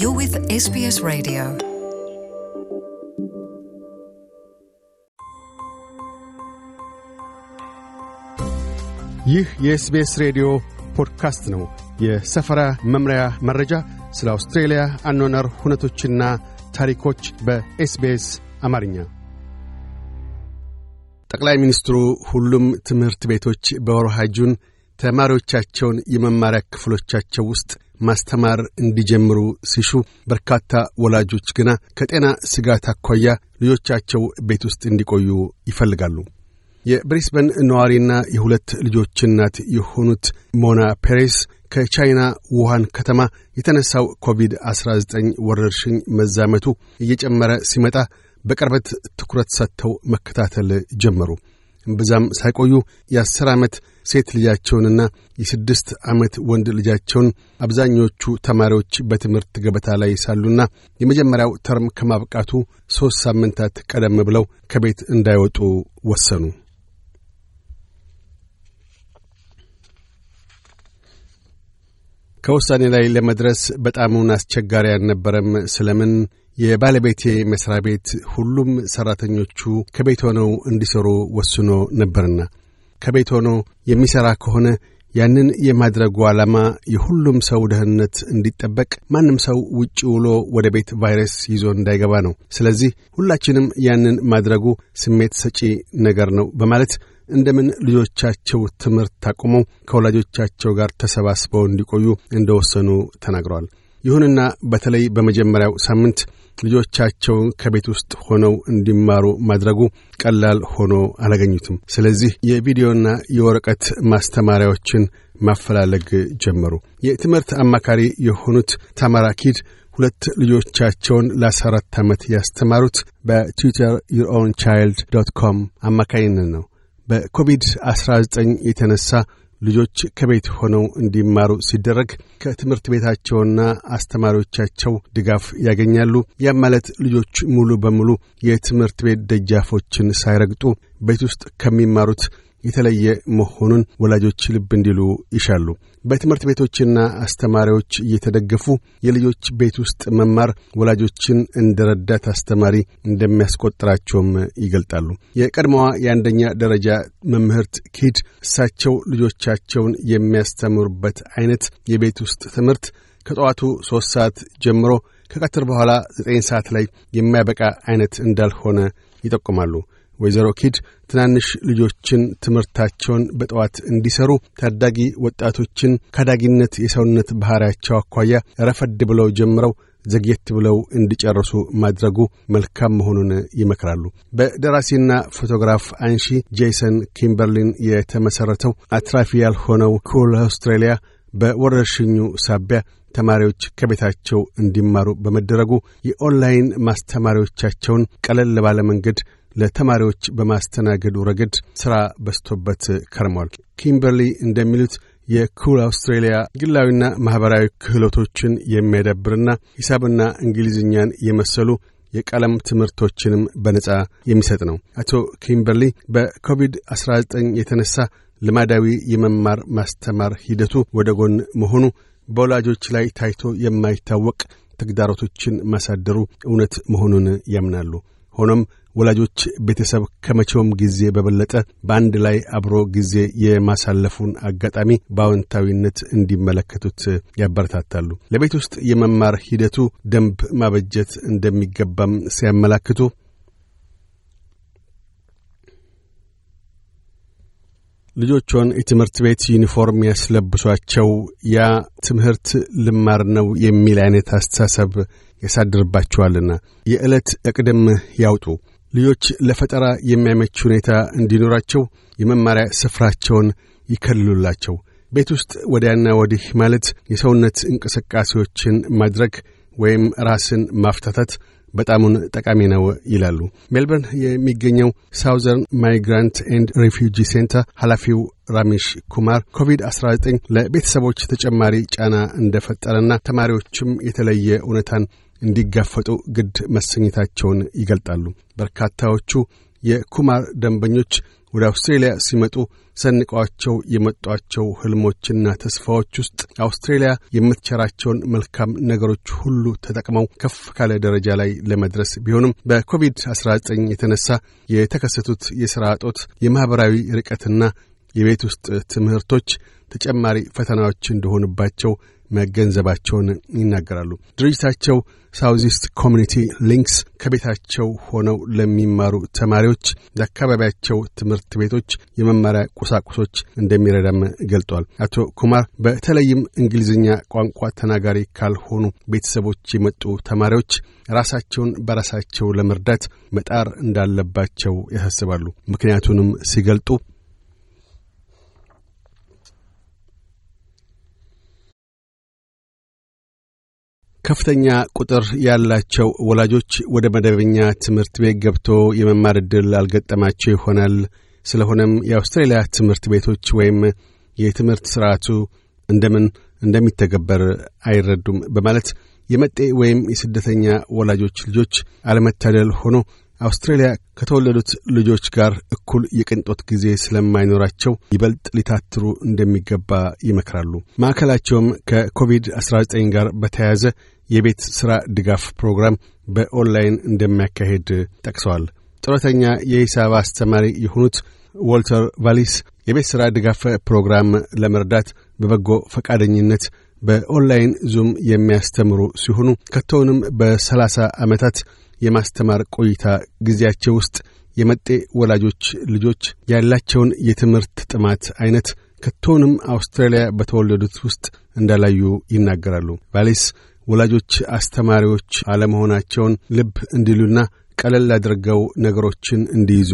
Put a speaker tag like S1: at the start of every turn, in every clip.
S1: You're with SBS Radio. ይህ የኤስቤስ ሬዲዮ ፖድካስት ነው። የሰፈራ መምሪያ መረጃ፣ ስለ አውስትሬልያ አኗኗር ሁነቶችና ታሪኮች በኤስቤስ አማርኛ ጠቅላይ ሚኒስትሩ ሁሉም ትምህርት ቤቶች በወርሃ ጁን ተማሪዎቻቸውን የመማሪያ ክፍሎቻቸው ውስጥ ማስተማር እንዲጀምሩ ሲሹ በርካታ ወላጆች ግና ከጤና ስጋት አኳያ ልጆቻቸው ቤት ውስጥ እንዲቆዩ ይፈልጋሉ። የብሪስበን ነዋሪና የሁለት ልጆች እናት የሆኑት ሞና ፔሬስ ከቻይና ውሃን ከተማ የተነሳው ኮቪድ-19 ወረርሽኝ መዛመቱ እየጨመረ ሲመጣ በቅርበት ትኩረት ሰጥተው መከታተል ጀመሩ። እምብዛም ሳይቆዩ የአስር ዓመት ሴት ልጃቸውንና የስድስት ዓመት ወንድ ልጃቸውን አብዛኞቹ ተማሪዎች በትምህርት ገበታ ላይ ሳሉና የመጀመሪያው ተርም ከማብቃቱ ሦስት ሳምንታት ቀደም ብለው ከቤት እንዳይወጡ ወሰኑ። ከውሳኔ ላይ ለመድረስ በጣሙን አስቸጋሪ አልነበረም። ስለምን የባለቤቴ መሥሪያ ቤት ሁሉም ሠራተኞቹ ከቤት ሆነው እንዲሠሩ ወስኖ ነበርና ከቤት ሆኖ የሚሠራ ከሆነ ያንን የማድረጉ ዓላማ የሁሉም ሰው ደህንነት እንዲጠበቅ፣ ማንም ሰው ውጭ ውሎ ወደ ቤት ቫይረስ ይዞ እንዳይገባ ነው። ስለዚህ ሁላችንም ያንን ማድረጉ ስሜት ሰጪ ነገር ነው በማለት እንደምን ልጆቻቸው ትምህርት አቁመው ከወላጆቻቸው ጋር ተሰባስበው እንዲቆዩ እንደወሰኑ ተናግረዋል። ይሁንና በተለይ በመጀመሪያው ሳምንት ልጆቻቸውን ከቤት ውስጥ ሆነው እንዲማሩ ማድረጉ ቀላል ሆኖ አላገኙትም። ስለዚህ የቪዲዮና የወረቀት ማስተማሪያዎችን ማፈላለግ ጀመሩ። የትምህርት አማካሪ የሆኑት ታማራኪድ ሁለት ልጆቻቸውን ለ አራት ዓመት ያስተማሩት በትዊተር ዩር ቻይልድ ዶት ኮም አማካኝነት ነው። በኮቪድ-19 የተነሳ ልጆች ከቤት ሆነው እንዲማሩ ሲደረግ ከትምህርት ቤታቸውና አስተማሪዎቻቸው ድጋፍ ያገኛሉ። ያም ማለት ልጆች ሙሉ በሙሉ የትምህርት ቤት ደጃፎችን ሳይረግጡ ቤት ውስጥ ከሚማሩት የተለየ መሆኑን ወላጆች ልብ እንዲሉ ይሻሉ። በትምህርት ቤቶችና አስተማሪዎች እየተደገፉ የልጆች ቤት ውስጥ መማር ወላጆችን እንደ ረዳት አስተማሪ እንደሚያስቆጥራቸውም ይገልጣሉ። የቀድሞዋ የአንደኛ ደረጃ መምህርት ኪድ እሳቸው ልጆቻቸውን የሚያስተምሩበት አይነት የቤት ውስጥ ትምህርት ከጠዋቱ ሦስት ሰዓት ጀምሮ ከቀትር በኋላ ዘጠኝ ሰዓት ላይ የማያበቃ አይነት እንዳልሆነ ይጠቁማሉ። ወይዘሮ ኪድ ትናንሽ ልጆችን ትምህርታቸውን በጠዋት እንዲሰሩ ታዳጊ ወጣቶችን ካዳጊነት የሰውነት ባሕርያቸው አኳያ ረፈድ ብለው ጀምረው ዘግየት ብለው እንዲጨርሱ ማድረጉ መልካም መሆኑን ይመክራሉ። በደራሲና ፎቶግራፍ አንሺ ጄሰን ኪምበርሊን የተመሠረተው አትራፊ ያልሆነው ኩል አውስትራሊያ በወረርሽኙ ሳቢያ ተማሪዎች ከቤታቸው እንዲማሩ በመደረጉ የኦንላይን ማስተማሪዎቻቸውን ቀለል ባለ መንገድ ለተማሪዎች በማስተናገዱ ረገድ ሥራ በስቶበት ከርሟል። ኪምበርሊ እንደሚሉት የኩል አውስትሬሊያ ግላዊና ማኅበራዊ ክህሎቶችን የሚያዳብርና ሂሳብና እንግሊዝኛን የመሰሉ የቀለም ትምህርቶችንም በነጻ የሚሰጥ ነው። አቶ ኪምበርሊ በኮቪድ-19 የተነሳ ልማዳዊ የመማር ማስተማር ሂደቱ ወደ ጎን መሆኑ በወላጆች ላይ ታይቶ የማይታወቅ ተግዳሮቶችን ማሳደሩ እውነት መሆኑን ያምናሉ። ሆኖም ወላጆች ቤተሰብ ከመቼውም ጊዜ በበለጠ በአንድ ላይ አብሮ ጊዜ የማሳለፉን አጋጣሚ በአዎንታዊነት እንዲመለከቱት ያበረታታሉ። ለቤት ውስጥ የመማር ሂደቱ ደንብ ማበጀት እንደሚገባም ሲያመላክቱ ልጆቿን የትምህርት ቤት ዩኒፎርም ያስለብሷቸው ያ ትምህርት ልማር ነው የሚል አይነት አስተሳሰብ ያሳድርባቸዋልና የዕለት እቅድም ያውጡ። ልጆች ለፈጠራ የሚያመች ሁኔታ እንዲኖራቸው የመማሪያ ስፍራቸውን ይከልሉላቸው። ቤት ውስጥ ወዲያና ወዲህ ማለት የሰውነት እንቅስቃሴዎችን ማድረግ ወይም ራስን ማፍታታት በጣሙን ጠቃሚ ነው ይላሉ ሜልበርን የሚገኘው ሳውዘርን ማይግራንት ኤንድ ሪፊጂ ሴንተር ኃላፊው ራሚሽ ኩማር። ኮቪድ-19 ለቤተሰቦች ተጨማሪ ጫና እንደፈጠረና ተማሪዎችም የተለየ እውነታን እንዲጋፈጡ ግድ መሰኘታቸውን ይገልጣሉ። በርካታዎቹ የኩማር ደንበኞች ወደ አውስትሬልያ ሲመጡ ሰንቀዋቸው የመጧቸው ህልሞችና ተስፋዎች ውስጥ አውስትሬልያ የምትቸራቸውን መልካም ነገሮች ሁሉ ተጠቅመው ከፍ ካለ ደረጃ ላይ ለመድረስ ቢሆንም በኮቪድ-19 የተነሳ የተከሰቱት የሥራ እጦት፣ የማኅበራዊ ርቀትና የቤት ውስጥ ትምህርቶች ተጨማሪ ፈተናዎች እንደሆኑባቸው መገንዘባቸውን ይናገራሉ። ድርጅታቸው ሳውዚስት ኮሚኒቲ ሊንክስ ከቤታቸው ሆነው ለሚማሩ ተማሪዎች ለአካባቢያቸው ትምህርት ቤቶች የመማሪያ ቁሳቁሶች እንደሚረዳም ገልጧል። አቶ ኩማር በተለይም እንግሊዝኛ ቋንቋ ተናጋሪ ካልሆኑ ቤተሰቦች የመጡ ተማሪዎች ራሳቸውን በራሳቸው ለመርዳት መጣር እንዳለባቸው ያሳስባሉ። ምክንያቱንም ሲገልጡ ከፍተኛ ቁጥር ያላቸው ወላጆች ወደ መደበኛ ትምህርት ቤት ገብቶ የመማር ዕድል አልገጠማቸው ይሆናል። ስለሆነም የአውስትራሊያ ትምህርት ቤቶች ወይም የትምህርት ሥርዓቱ እንደምን እንደሚተገበር አይረዱም በማለት የመጤ ወይም የስደተኛ ወላጆች ልጆች አለመታደል ሆኖ አውስትራሊያ ከተወለዱት ልጆች ጋር እኩል የቅንጦት ጊዜ ስለማይኖራቸው ይበልጥ ሊታትሩ እንደሚገባ ይመክራሉ። ማዕከላቸውም ከኮቪድ-19 ጋር በተያያዘ የቤት ሥራ ድጋፍ ፕሮግራም በኦንላይን እንደሚያካሄድ ጠቅሰዋል። ጡረተኛ የሂሳብ አስተማሪ የሆኑት ዎልተር ቫሊስ የቤት ሥራ ድጋፍ ፕሮግራም ለመርዳት በበጎ ፈቃደኝነት በኦንላይን ዙም የሚያስተምሩ ሲሆኑ ከቶውንም በሰላሳ ዓመታት የማስተማር ቆይታ ጊዜያቸው ውስጥ የመጤ ወላጆች ልጆች ያላቸውን የትምህርት ጥማት አይነት ከቶውንም አውስትራሊያ በተወለዱት ውስጥ እንዳላዩ ይናገራሉ። ቫሌስ ወላጆች አስተማሪዎች አለመሆናቸውን ልብ እንዲሉና ቀለል አድርገው ነገሮችን እንዲይዙ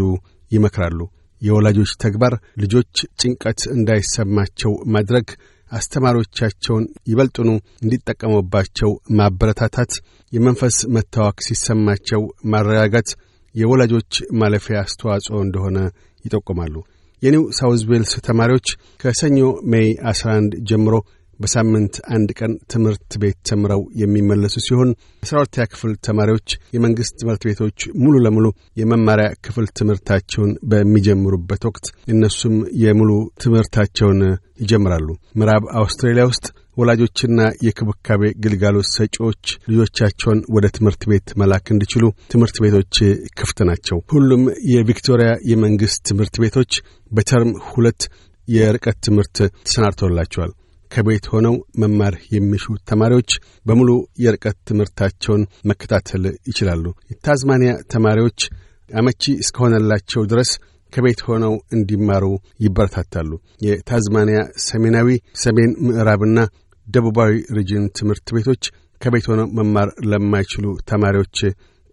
S1: ይመክራሉ። የወላጆች ተግባር ልጆች ጭንቀት እንዳይሰማቸው ማድረግ፣ አስተማሪዎቻቸውን ይበልጡኑ እንዲጠቀሙባቸው ማበረታታት፣ የመንፈስ መታወክ ሲሰማቸው ማረጋጋት የወላጆች ማለፊያ አስተዋጽኦ እንደሆነ ይጠቁማሉ። የኒው ሳውዝ ዌልስ ተማሪዎች ከሰኞ ሜይ 11 ጀምሮ በሳምንት አንድ ቀን ትምህርት ቤት ተምረው የሚመለሱ ሲሆን አስራ ሁለተኛ ክፍል ተማሪዎች የመንግሥት ትምህርት ቤቶች ሙሉ ለሙሉ የመማሪያ ክፍል ትምህርታቸውን በሚጀምሩበት ወቅት እነሱም የሙሉ ትምህርታቸውን ይጀምራሉ። ምዕራብ አውስትራሊያ ውስጥ ወላጆችና የክብካቤ ግልጋሎት ሰጪዎች ልጆቻቸውን ወደ ትምህርት ቤት መላክ እንዲችሉ ትምህርት ቤቶች ክፍት ናቸው። ሁሉም የቪክቶሪያ የመንግሥት ትምህርት ቤቶች በተርም ሁለት የርቀት ትምህርት ተሰናድቶላቸዋል። ከቤት ሆነው መማር የሚሹ ተማሪዎች በሙሉ የርቀት ትምህርታቸውን መከታተል ይችላሉ። የታዝማኒያ ተማሪዎች አመቺ እስከሆነላቸው ድረስ ከቤት ሆነው እንዲማሩ ይበረታታሉ። የታዝማኒያ ሰሜናዊ፣ ሰሜን ምዕራብና ደቡባዊ ሪጅን ትምህርት ቤቶች ከቤት ሆነው መማር ለማይችሉ ተማሪዎች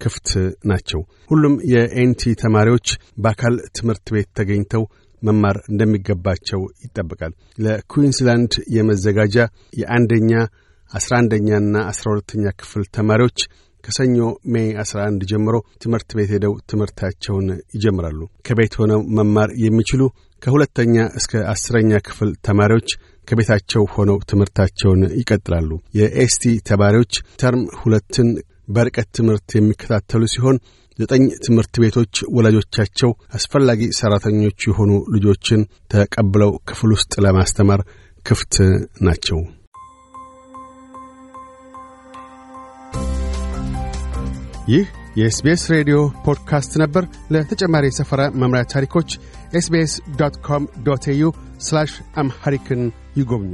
S1: ክፍት ናቸው። ሁሉም የኤንቲ ተማሪዎች በአካል ትምህርት ቤት ተገኝተው መማር እንደሚገባቸው ይጠበቃል። ለኩዊንስላንድ የመዘጋጃ የአንደኛ አስራ አንደኛና አስራ ሁለተኛ ክፍል ተማሪዎች ከሰኞ ሜይ 11 ጀምሮ ትምህርት ቤት ሄደው ትምህርታቸውን ይጀምራሉ። ከቤት ሆነው መማር የሚችሉ ከሁለተኛ እስከ አስረኛ ክፍል ተማሪዎች ከቤታቸው ሆነው ትምህርታቸውን ይቀጥላሉ። የኤስቲ ተማሪዎች ተርም ሁለትን በርቀት ትምህርት የሚከታተሉ ሲሆን ዘጠኝ ትምህርት ቤቶች ወላጆቻቸው አስፈላጊ ሠራተኞች የሆኑ ልጆችን ተቀብለው ክፍል ውስጥ ለማስተማር ክፍት ናቸው። ይህ የኤስቤስ ሬዲዮ ፖድካስት ነበር። ለተጨማሪ የሰፈራ መምሪያ ታሪኮች ኤስቤስ ዶት ኮም ዶት ኤዩ ስላሽ አምሐሪክን ይጎብኙ።